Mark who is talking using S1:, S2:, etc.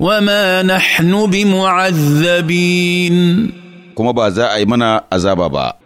S1: وما نحن بمعذبين كما با za a yi